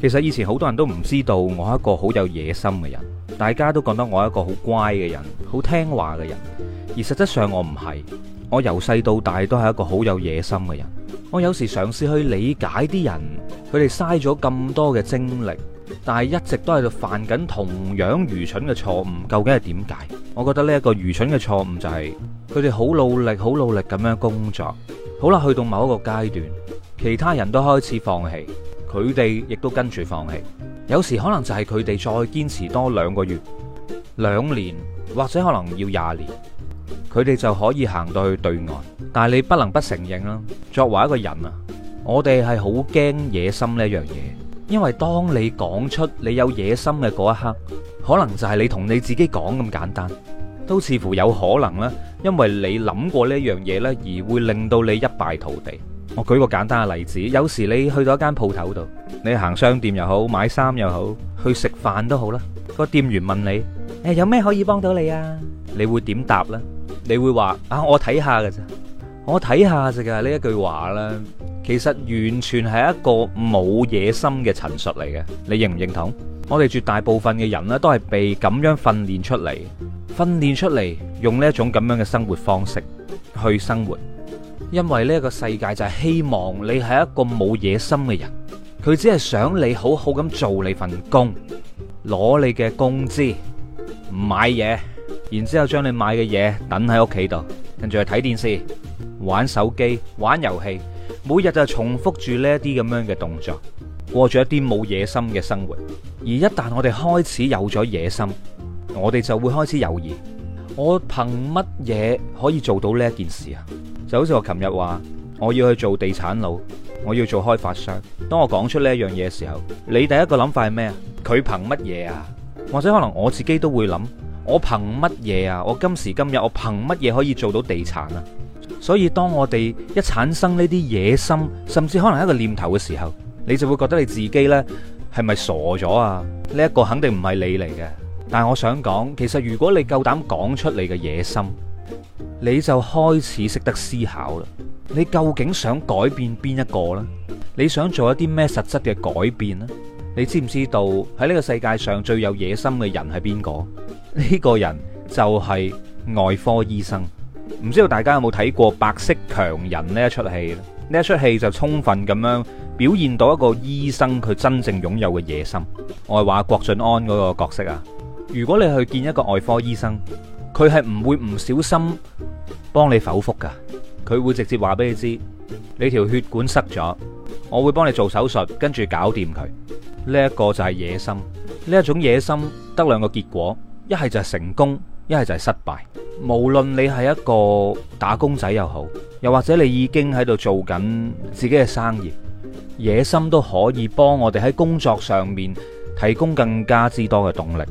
其實以前好多人都唔知道我係一個好有野心嘅人，大家都覺得我係一個好乖嘅人，好聽話嘅人，而實質上我唔係，我由細到大都係一個好有野心嘅人。我有時嘗試去理解啲人，佢哋嘥咗咁多嘅精力，但係一直都喺度犯緊同樣愚蠢嘅錯誤，究竟係點解？我覺得呢一個愚蠢嘅錯誤就係佢哋好努力、好努力咁樣工作，好啦，去到某一個階段，其他人都開始放棄。佢哋亦都跟住放棄，有時可能就係佢哋再堅持多兩個月、兩年，或者可能要廿年，佢哋就可以行到去對岸。但係你不能不承認啦，作為一個人啊，我哋係好驚野心呢樣嘢，因為當你講出你有野心嘅嗰一刻，可能就係你同你自己講咁簡單，都似乎有可能啦，因為你諗過呢樣嘢咧，而會令到你一敗塗地。我舉個簡單嘅例子，有時你去到一間鋪頭度，你行商店又好，買衫又好，去食飯都好啦。個店員問你：誒、哎，有咩可以幫到你啊？你會點答呢？你會話啊，我睇下㗎咋，我睇下咋㗎？呢一句話咧，其實完全係一個冇野心嘅陳述嚟嘅。你認唔認同？我哋絕大部分嘅人呢，都係被咁樣訓練出嚟，訓練出嚟用呢一種咁樣嘅生活方式去生活。因為呢個世界就係希望你係一個冇野心嘅人，佢只係想你好好咁做你份工，攞你嘅工資買嘢，然之後將你買嘅嘢等喺屋企度，跟住去睇電視、玩手機、玩遊戲，每日就重複住呢啲咁樣嘅動作，過住一啲冇野心嘅生活。而一旦我哋開始有咗野心，我哋就會開始猶豫：我憑乜嘢可以做到呢件事啊？就好似我琴日話，我要去做地產佬，我要做開發商。當我講出呢一樣嘢嘅時候，你第一個諗法係咩啊？佢憑乜嘢啊？或者可能我自己都會諗，我憑乜嘢啊？我今時今日我憑乜嘢可以做到地產啊？所以當我哋一產生呢啲野心，甚至可能一個念頭嘅時候，你就會覺得你自己呢係咪傻咗啊？呢一個肯定唔係你嚟嘅。但係我想講，其實如果你夠膽講出你嘅野心。你就開始識得思考啦！你究竟想改變邊一個呢？你想做一啲咩實質嘅改變呢？你知唔知道喺呢個世界上最有野心嘅人係邊個？呢個人就係外科醫生。唔知道大家有冇睇過《白色強人》呢一出戲？呢一出戲就充分咁樣表現到一個醫生佢真正擁有嘅野心。我係話郭晉安嗰個角色啊！如果你去見一個外科醫生。佢係唔會唔小心幫你剖腹噶，佢會直接話俾你知你條血管塞咗，我會幫你做手術，跟住搞掂佢。呢一個就係野心，呢一種野心得兩個結果，一係就係成功，一係就係失敗。無論你係一個打工仔又好，又或者你已經喺度做緊自己嘅生意，野心都可以幫我哋喺工作上面提供更加之多嘅動力，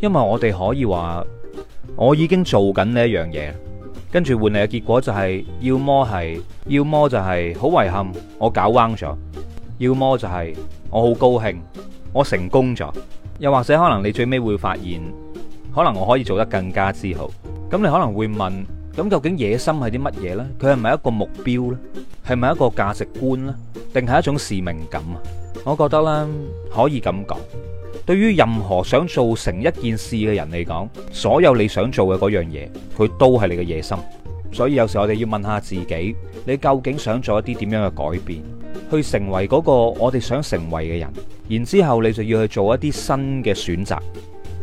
因為我哋可以話。我已經做緊呢一樣嘢，跟住換嚟嘅結果就係、是，要麼係，要麼就係好遺憾，我搞彎咗；要麼就係、是、我好高興，我成功咗。又或者可能你最尾會發現，可能我可以做得更加之好。咁你可能會問，咁究竟野心係啲乜嘢呢？佢係咪一個目標呢？係咪一個價值觀呢？定係一種使命感啊？我覺得咧，可以咁講。對於任何想做成一件事嘅人嚟講，所有你想做嘅嗰樣嘢，佢都係你嘅野心。所以有時我哋要問下自己，你究竟想做一啲點樣嘅改變，去成為嗰個我哋想成為嘅人。然之後你就要去做一啲新嘅選擇。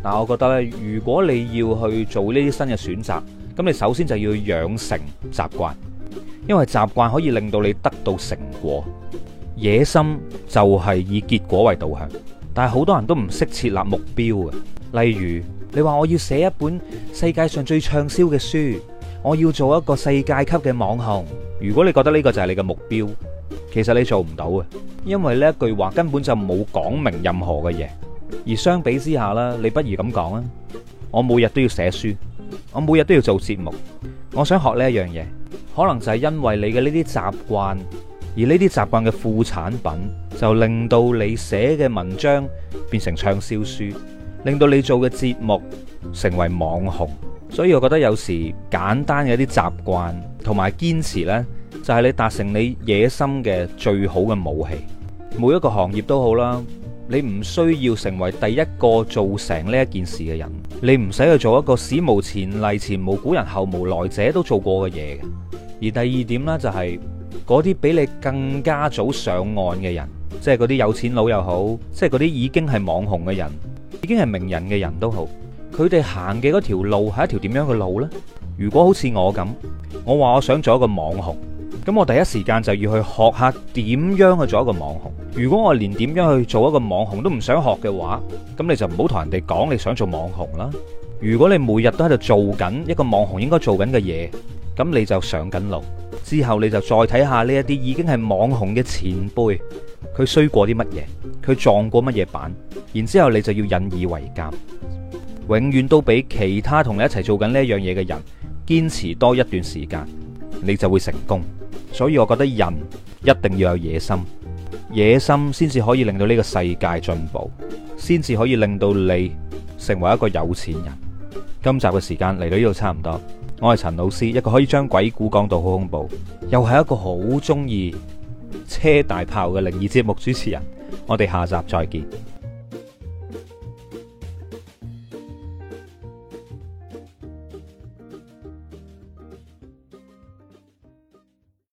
但我覺得咧，如果你要去做呢啲新嘅選擇，咁你首先就要養成習慣，因為習慣可以令到你得到成果。野心就係以結果為導向。但係好多人都唔識設立目標啊。例如你話我要寫一本世界上最暢銷嘅書，我要做一個世界級嘅網紅。如果你覺得呢個就係你嘅目標，其實你做唔到啊，因為呢一句話根本就冇講明任何嘅嘢。而相比之下啦，你不如咁講啊：「我每日都要寫書，我每日都要做節目。」我想學呢一樣嘢。可能就係因為你嘅呢啲習慣。而呢啲習慣嘅副產品，就令到你寫嘅文章變成暢銷書，令到你做嘅節目成為網紅。所以，我覺得有時簡單嘅一啲習慣同埋堅持呢就係你達成你野心嘅最好嘅武器。每一個行業都好啦，你唔需要成為第一個做成呢一件事嘅人，你唔使去做一個史無前例、前無古人、後無來者都做過嘅嘢。而第二點呢，就係。嗰啲比你更加早上岸嘅人，即係嗰啲有錢佬又好，即係嗰啲已經係網紅嘅人，已經係名人嘅人都好，佢哋行嘅嗰條路係一條點樣嘅路咧？如果好似我咁，我話我想做一個網紅，咁我第一時間就要去學下點樣去做一個網紅。如果我連點樣去做一個網紅都唔想學嘅話，咁你就唔好同人哋講你想做網紅啦。如果你每日都喺度做緊一個網紅應該做緊嘅嘢，咁你就上緊路。之後你就再睇下呢一啲已經係網紅嘅前輩，佢衰過啲乜嘢，佢撞過乜嘢板，然之後你就要引以為鑒，永遠都比其他同你一齊做緊呢一樣嘢嘅人堅持多一段時間，你就會成功。所以我覺得人一定要有野心，野心先至可以令到呢個世界進步，先至可以令到你成為一個有錢人。今集嘅時間嚟到呢度差唔多。我係陳老師，一個可以將鬼故講到好恐怖，又係一個好中意車大炮嘅靈異節目主持人。我哋下集再見。